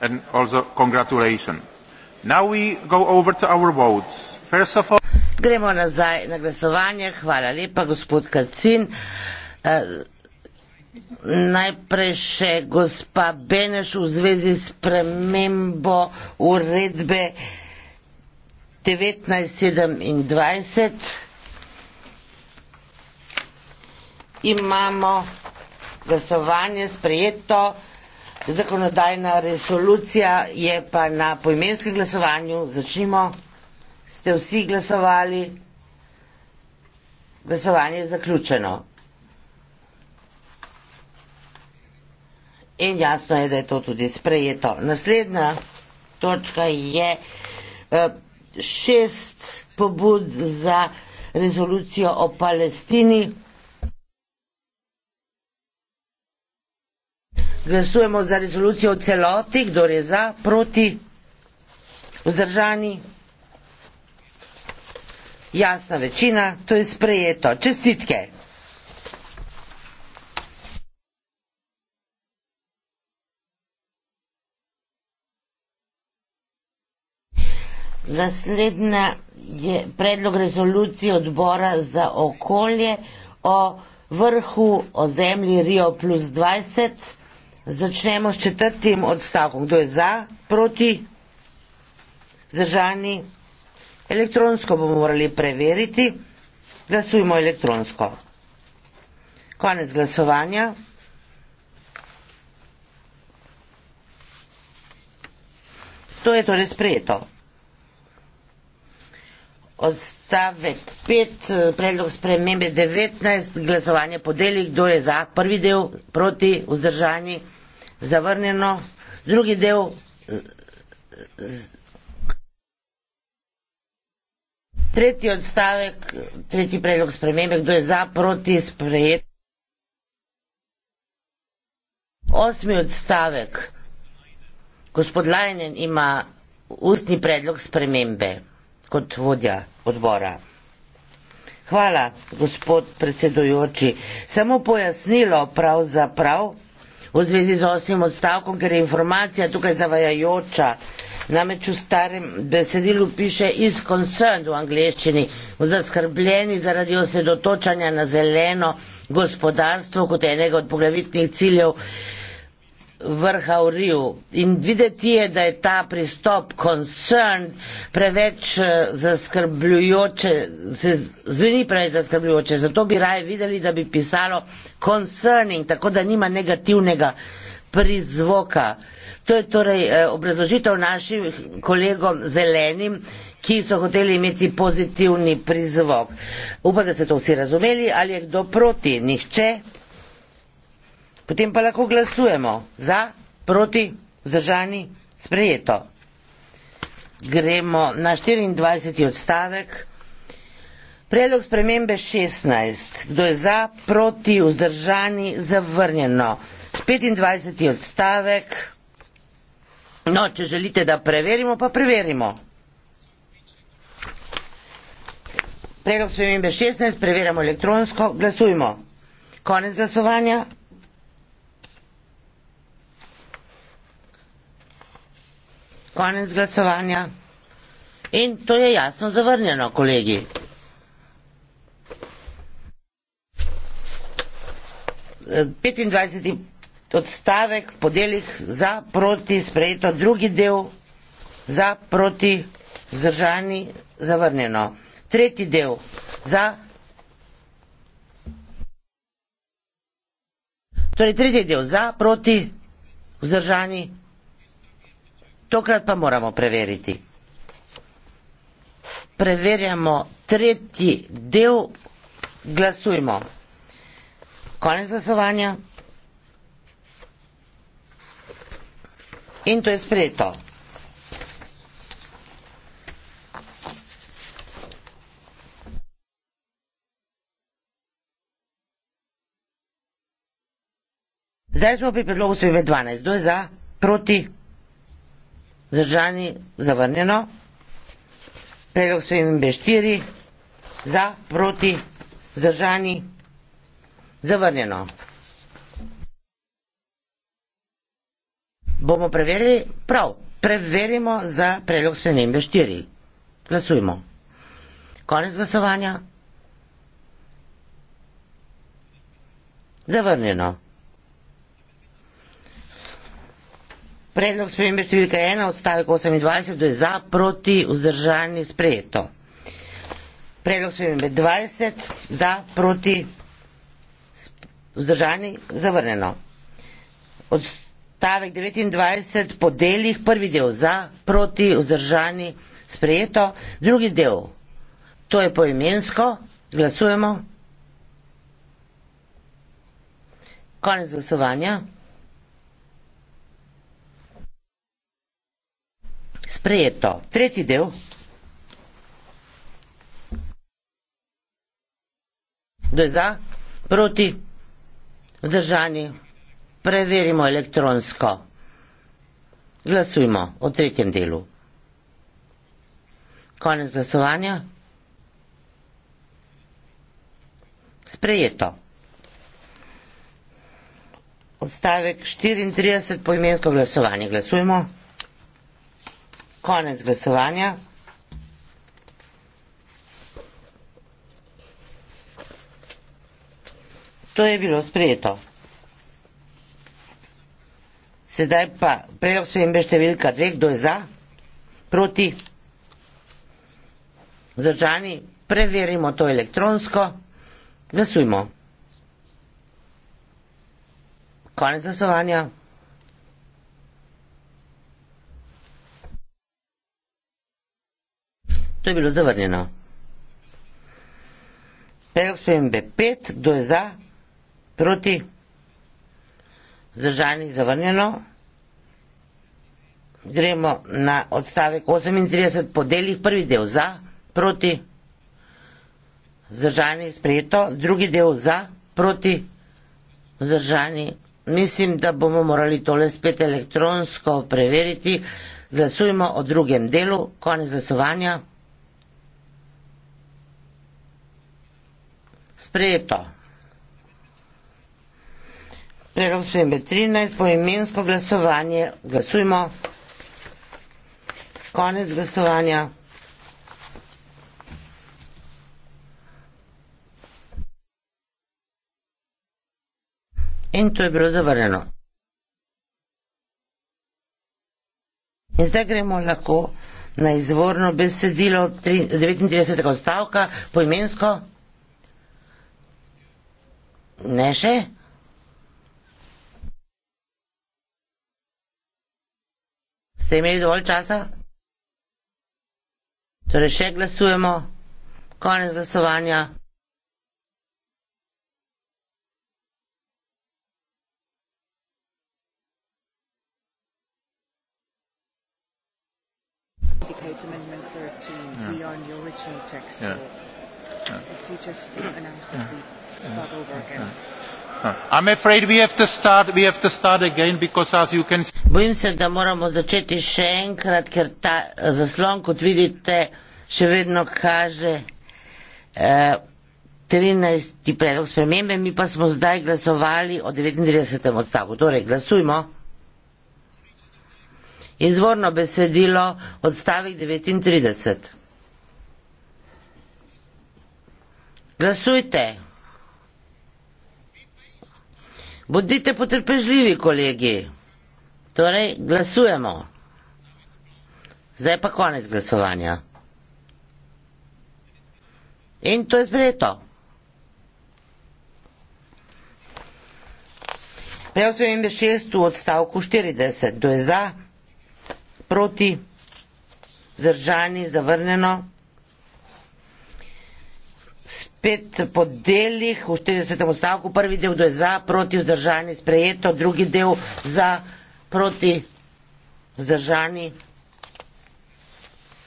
and also congratulations. Now we go over to our votes. First of all, gremo nazaj na glasovanje. Hvala lepa, gospod Kacin. Uh, najprej še gospa Beneš v zvezi s premembo uredbe 1927. Imamo glasovanje sprejeto zakonodajna resolucija je pa na poimenskem glasovanju. Začnimo. Ste vsi glasovali? Glasovanje je zaključeno. In jasno je, da je to tudi sprejeto. Naslednja točka je eh, šest pobud za rezolucijo o Palestini. Glasujemo za rezolucijo v celoti, kdo je za, proti, vzdržani. Jasna večina, to je sprejeto. Čestitke. Naslednja je predlog rezolucije odbora za okolje o vrhu o zemlji Rio plus 20. Začnemo s četrtim odstavkom. Kdo je za, proti, zažani? Elektronsko bomo morali preveriti. Glasujmo elektronsko. Konec glasovanja. To je torej sprejeto. Odstavek 5, predlog spremembe 19, glasovanje po delih, kdo je za prvi del, proti, vzdržani, zavrnjeno, drugi del tretji odstavek, tretji predlog spremembe, kdo je za, proti, sprejet. Osmi odstavek, gospod Lajnen ima ustni predlog spremembe kot vodja odbora. Hvala, gospod predsedujoči. Samo pojasnilo pravzaprav. Prav v zvezi z osmim odstavkom, ker je informacija tukaj zavajajoča. Namreč v starem besedilu piše iz concerned v angleščini, v zaskrbljeni zaradi osredotočanja na zeleno gospodarstvo kot enega od poglavitnih ciljev vrha v Riju in videti je, da je ta pristop concern preveč eh, zaskrbljujoče, se zveni preveč zaskrbljujoče, zato bi raje videli, da bi pisalo concerning, tako da nima negativnega prizvoka. To je torej eh, obrazložitev našim kolegom zelenim, ki so hoteli imeti pozitivni prizvok. Upam, da ste to vsi razumeli, ali je kdo proti, nihče potem pa lahko glasujemo za, proti, vzdržani, sprejeto. Gremo na 24. odstavek. Predlog spremembe 16. Kdo je za, proti, vzdržani, zavrnjeno. 25. odstavek. No, če želite, da preverimo, pa preverimo. Predlog spremembe 16. Preverjamo elektronsko. Glasujmo. Konec glasovanja. konec glasovanja. In to je jasno zavrnjeno, kolegi. Petindvajseti odstavek po delih za proti sprejeto, drugi del za proti vzdržani zavrnjeno. Tretji del za. Torej, tretji del za proti vzdržani Tokrat pa moramo preveriti. Preverjamo tretji del, glasujmo. Konec glasovanja. In to je sprejeto. Zdaj smo pri predlogu SVB 12. Kdo je za? Proti? Zdržani zavrnjeno. Predlog spremembe štiri. Za, proti, zdržani zavrnjeno. Bomo preverili? Prav. Preverimo za predlog spremembe štiri. Glasujmo. Konec glasovanja. Zavrnjeno. Predlog spremembe številka ena odstavek 28 je za, proti, vzdržani, sprejeto. Predlog spremembe 20 za, proti, vzdržani, zavrnjeno. Odstavek 29 po delih, prvi del za, proti, vzdržani, sprejeto, drugi del, to je poimensko, glasujemo. Konec glasovanja. sprejeto. Tretji del. Kdo je za? Proti? Vzdržani? Preverimo elektronsko. Glasujmo o tretjem delu. Konec glasovanja. Sprejeto. Odstavek 34 poimensko glasovanje. Glasujmo. Konec glasovanja. To je bilo sprejeto. Sedaj pa predlog spremembe številka dveh, kdo je za, proti, zdržani, preverimo to elektronsko, glasujmo. Konec glasovanja. To je bilo zavrnjeno. Predlog spremembe 5, kdo je za, proti, zdržanih zavrnjeno. Gremo na odstavek 38 po delih, prvi del za, proti, zdržanih sprejeto, drugi del za, proti, zdržanih. Mislim, da bomo morali tole spet elektronsko preveriti. Glasujmo o drugem delu, konec glasovanja. sprejeto. Predlog spremembe 13, poimensko glasovanje, glasujmo. Konec glasovanja. In to je bilo zavrnjeno. In zdaj gremo lahko na izvorno besedilo 39. stavka, poimensko. Ne še? Ste imeli dovolj časa? Torej še glasujemo. Konec glasovanja. Yeah. Beyond your original text, yeah. Yeah. if you just announce yeah. the I'm afraid we have to start, we have to start again because as you can see. Bojim se, da moramo začeti še enkrat, ker ta eh, zaslon, kot vidite, še vedno kaže eh, 13. predlog spremembe, mi pa smo zdaj glasovali o 39. odstavku. Torej, glasujmo. Izvorno besedilo odstavek 39. Glasujte. Bodite potrpežljivi, kolegi. Torej, glasujemo. Zdaj pa konec glasovanja. In to je zbreto. Prav se vem, da šest v odstavku 40, to je za, proti, zdržani, zavrneno pet poddelih, v 40. stavku prvi del je za, proti vzdržani sprejeto, drugi del za, proti vzdržani.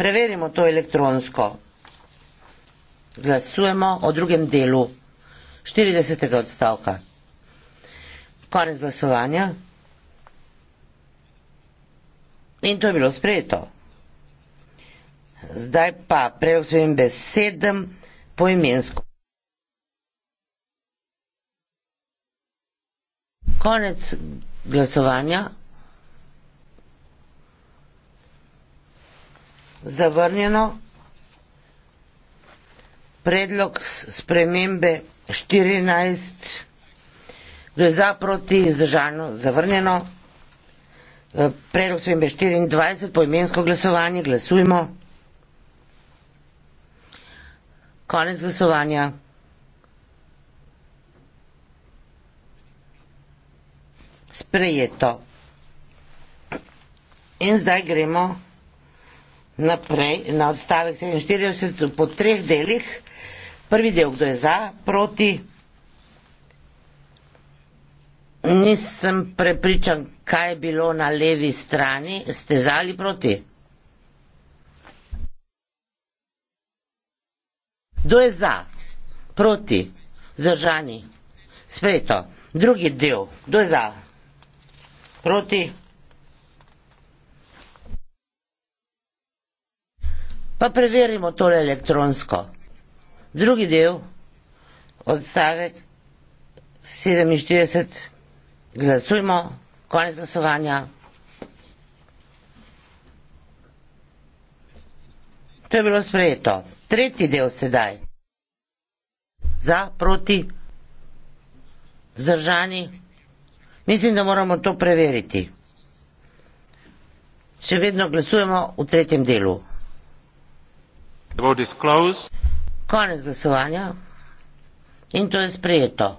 Preverimo to elektronsko. Glasujemo o drugem delu 40. odstavka. Konec glasovanja. In to je bilo sprejeto. Zdaj pa, prej v svojem besedem, poimensko. Konec glasovanja. Zavrnjeno. Predlog spremembe 14 gre za proti izdržanju zavrnjeno. Predlog spremembe 24 poimensko glasovanje glasujmo. Konec glasovanja. Sprejeto. In zdaj gremo naprej na odstavek 47 po treh delih. Prvi del, kdo je za, proti. Nisem prepričan, kaj je bilo na levi strani. Ste za ali proti? Kdo je za, proti, zdržani, sprejeto? Drugi del, kdo je za, proti? Pa preverimo tole elektronsko. Drugi del, odstavek 47, glasujmo, konec zasovanja. To je bilo sprejeto tretji del sedaj. Za, proti, zdržani. Mislim, da moramo to preveriti. Še vedno glasujemo v tretjem delu. Konec glasovanja. In to je sprejeto.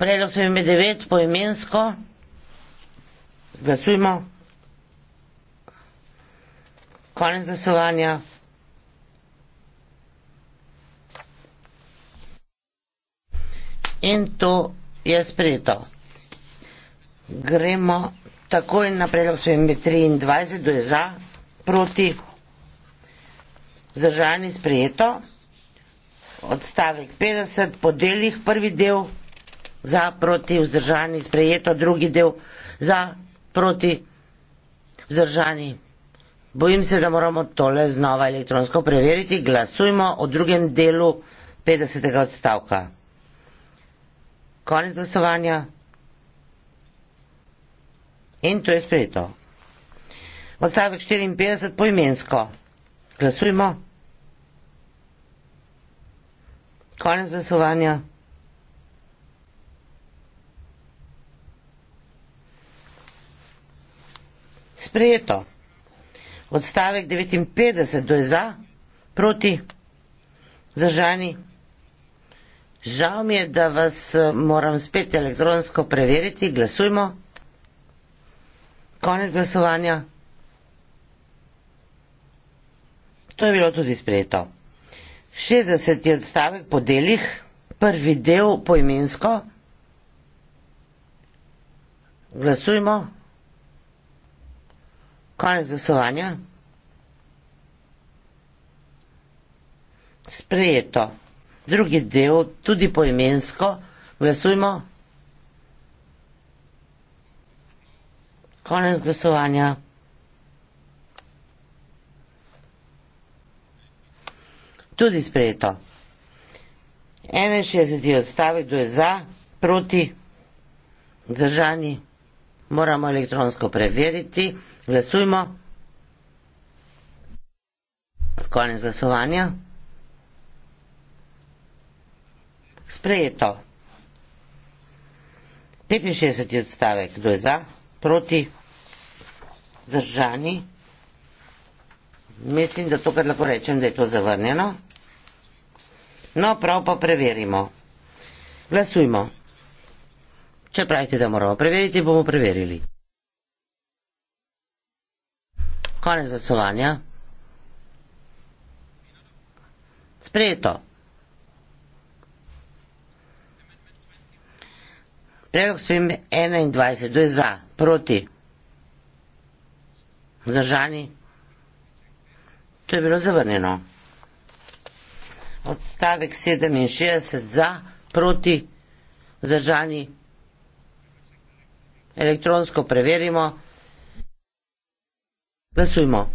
Predlog sem imel devet poimensko. Glasujmo. Konec glasovanja. In to je sprejeto. Gremo takoj na predlog spremembe 23, kdo je za, proti, vzdržani sprejeto. Odstavek 50, podeljih prvi del, za, proti, vzdržani sprejeto, drugi del, za, proti, vzdržani sprejeto. Bojim se, da moramo tole znova elektronsko preveriti. Glasujmo o drugem delu 50. odstavka. Konec glasovanja. In to je sprejeto. Odstavek 54 poimensko. Glasujmo. Konec glasovanja. Sprejeto. Odstavek 59, kdo je za, proti, zažani. Žal mi je, da vas eh, moram spet elektronsko preveriti, glasujmo. Konec glasovanja. To je bilo tudi sprejeto. 60. odstavek po delih, prvi del poimensko. Glasujmo. Konec glasovanja. Sprejeto. Drugi del, tudi poimensko, glasujmo. Konec glasovanja. Tudi sprejeto. 61 odstavek, kdo je za, proti, držani, moramo elektronsko preveriti. Glasujmo. Konec glasovanja. Sprejeto. 65. odstavek. Kdo je za? Proti? Zdržani? Mislim, da to, kar lahko rečem, da je to zavrnjeno. No, prav pa preverimo. Glasujmo. Če pravite, da moramo preveriti, bomo preverili. Konec glasovanja. Sprejeto. Predlog spremem 21, kdo je za, proti, vzdržani, to je bilo zavrnjeno. Odstavek 67 za, proti, vzdržani, elektronsko preverimo. Glasujmo.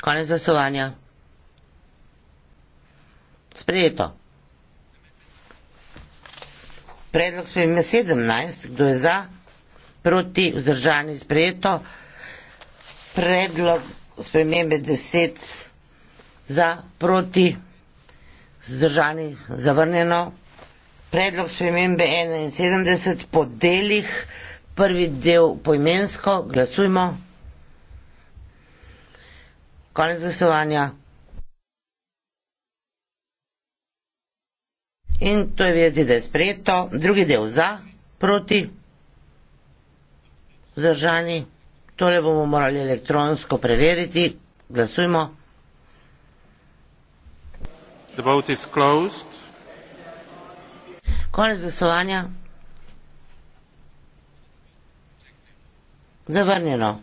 Konec glasovanja. Sprejeto. Predlog spremembe 17. Kdo je za? Proti vzdržani sprejeto. Predlog spremembe 10. Za? Proti vzdržani zavrnjeno. Predlog spremembe 71. Po delih prvi del poimensko, glasujmo. Konec glasovanja. In to je videti, da je sprejeto. Drugi del za, proti, vzdržani. Tole bomo morali elektronsko preveriti. Glasujmo. The vote is closed. Konec glasovanja. Zavrnjeno.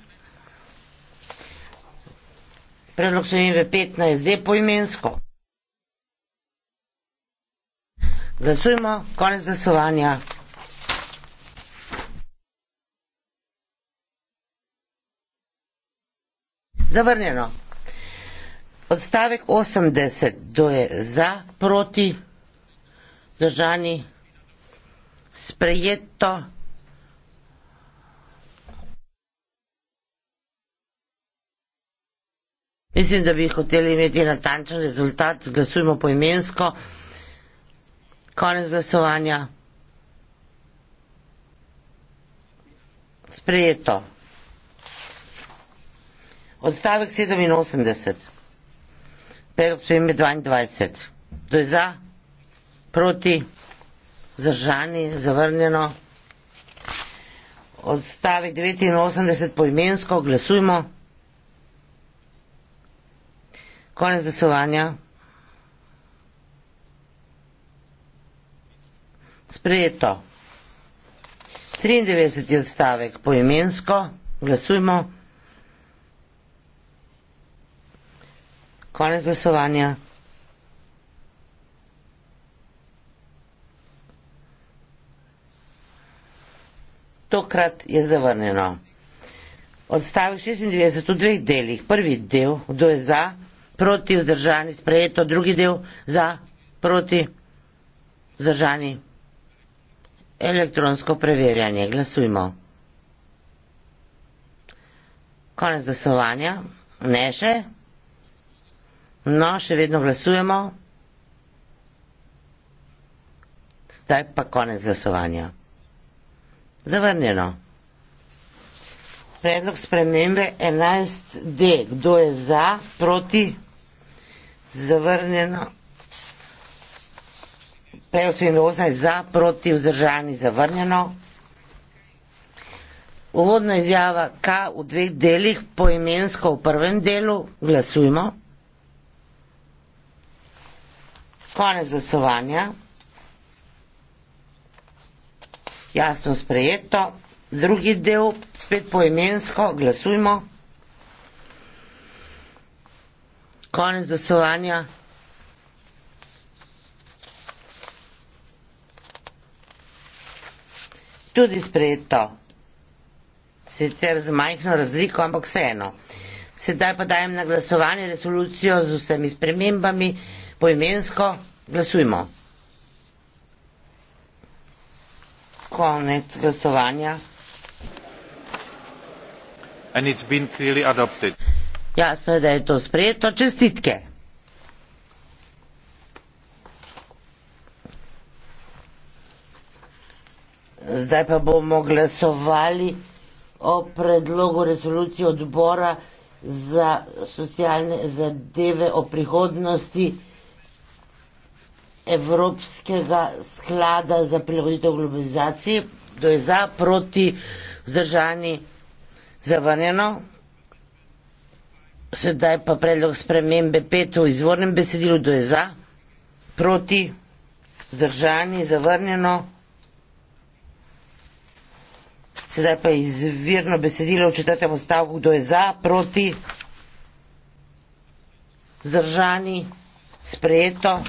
Predlog so imeli 15, zdaj poimensko. Glasujmo, konec glasovanja. Zavrnjeno. Odstavek 80, kdo je za, proti, držani, sprejeto. Mislim, da bi hoteli imeti natančen rezultat, glasujmo po imensko. Konec glasovanja. Sprejeto. Odstavek 87. Predlog spremembe 22. Kdo je za? Proti? Zdržani? Zavrnjeno? Odstavek 89 poimensko glasujmo. Konec glasovanja. Sprejeto. 93. odstavek poimensko. Glasujmo. Konec glasovanja. Tokrat je zavrnjeno. Odstavek 96 v dveh delih. Prvi del, kdo je za, proti vzdržani sprejeto, drugi del za proti vzdržani elektronsko preverjanje. Glasujmo. Konec glasovanja. Ne še. No, še vedno glasujemo. Zdaj pa konec glasovanja. Zavrnjeno. Predlog spremembe 11D. Kdo je za? Proti? zavrnjeno. 58 za, proti vzdržani zavrnjeno. Uvodna izjava K v dveh delih, poimensko v prvem delu, glasujmo. Konec glasovanja. Jasno sprejeto. Drugi del, spet poimensko, glasujmo. konec zasovanja. Tudi sprejeto. Sicer z majhno razliko, ampak vseeno. Sedaj pa dajem na glasovanje resolucijo z vsemi spremembami. Poimensko glasujmo. Konec glasovanja. And it's been clearly adopted. Jasno je, da je to sprejeto. Čestitke. Zdaj pa bomo glasovali o predlogu rezolucije odbora za socialne zadeve o prihodnosti Evropskega sklada za prilagoditev globalizacije. Kdo je za, proti, vzdržani, zavrnjeno? Sedaj pa predlog spremembe pet v izvornem besedilu, kdo je za, proti, zdržani, zavrnjeno. Sedaj pa izvirno besedilo v četrtem stavku, kdo je za, proti, zdržani, sprejeto.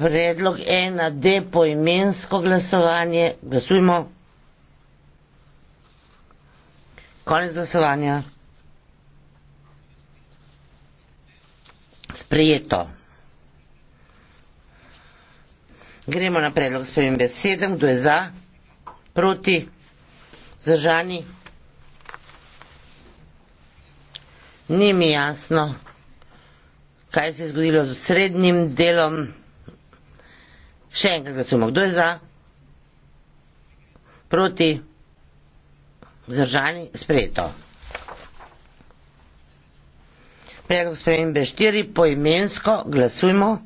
Predlog ena, depoimensko glasovanje, glasujmo. Konec glasovanja. Sprejeto. Gremo na predlog s svojim besedem. Kdo je za? Proti? Zržani? Ni mi jasno, kaj se je zgodilo z srednjim delom. Še enkrat glasujemo. Kdo je za? Proti? vzdržani sprejeto. Predlog spremembe štiri poimensko glasujmo.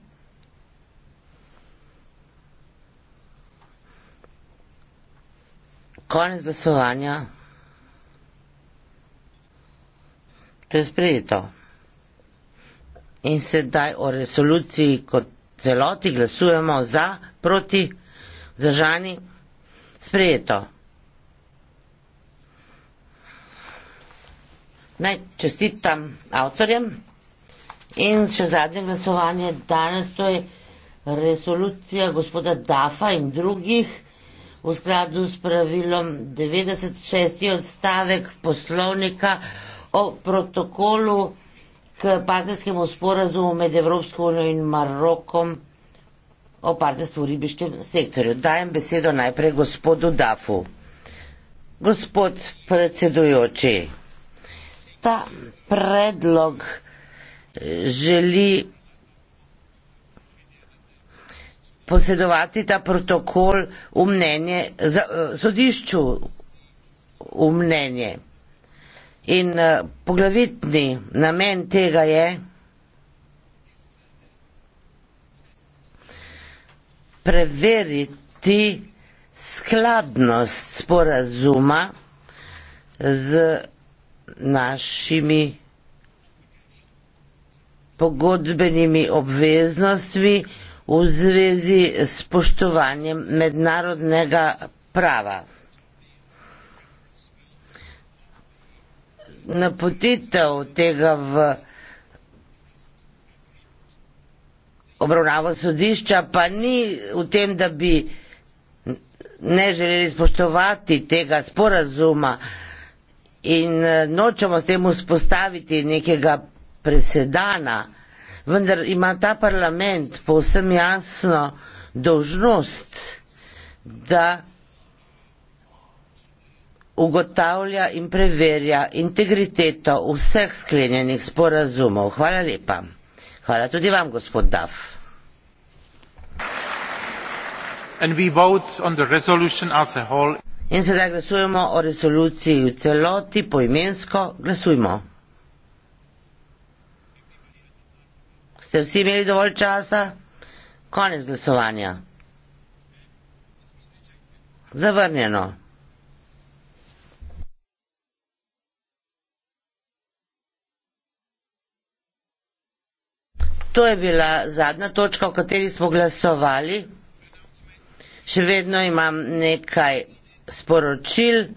Konec glasovanja. To je sprejeto. In sedaj o resoluciji kot celoti glasujemo za, proti, zažani, sprejeto. Naj čestitam avtorjem in še zadnje glasovanje danes, to je resolucija gospoda Dafa in drugih v skladu s pravilom 96. odstavek poslovnika o protokolu k partnerskemu sporazumu med Evropsko unijo in Marokom o partnerstvu v ribiškem sektorju. Dajem besedo najprej gospodu Dafu. Gospod predsedujoči, ta predlog eh, želi posedovati ta protokol v mnenje, za, eh, sodišču v mnenje. In eh, poglavitni namen tega je preveriti skladnost sporazuma z našimi pogodbenimi obveznostmi v zvezi s poštovanjem mednarodnega prava. Napotitev tega v obravnavo sodišča pa ni v tem, da bi ne želeli spoštovati tega sporazuma, in eh, nočemo s tem vzpostaviti nekega presedana, vendar ima ta parlament povsem jasno dožnost, da ugotavlja in preverja integriteto vseh sklenjenih sporazumov. Hvala lepa. Hvala tudi vam, gospod Daf. And we vote on the resolution as a whole. In sedaj glasujemo o resoluciji v celoti, poimensko glasujmo. Ste vsi imeli dovolj časa? Konec glasovanja. Zavrnjeno. To je bila zadnja točka, o kateri smo glasovali. Še vedno imam nekaj sporočil,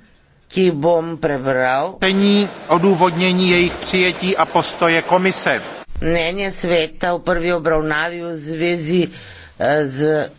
ki bom prebral. Pení odůvodnění jejich přijetí a postoje komise. Mnenje sveta v prvi obravnavi v zvezi eh, z